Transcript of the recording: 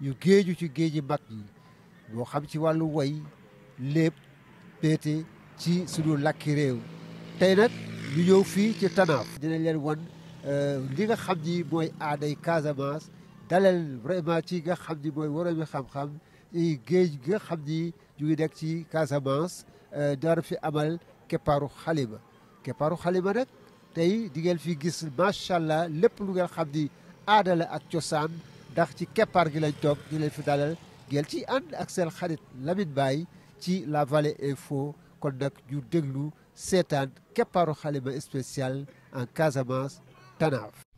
yu géeju ci géej géeji mag yi boo xam ci wàllu woy lépp péete ci suñu làkki réew tey nag ñu ñëw fii ci Tanaaf dinañ leen wan euh, li nga xam ni mooy aaday Casamance dalal vraiment ci nga xam ni mooy waroomi xam-xam géej gi nga xam ni ñu ngi nekk ci Casamance euh, dara fi amal keppaaru xalima keppaaru xalima nag tey di ngeen fi gis macha allah lépp lu ngeen xam ni aada ak cosaan ndax ci keppaar gi lañ toog ñu leen fi dalal ci ànd ak seen xarit Lamine Baye ci la Vallée Info kon nag ñu déglu seetaan keppaaru xalima spécial en Casamance Tanaaf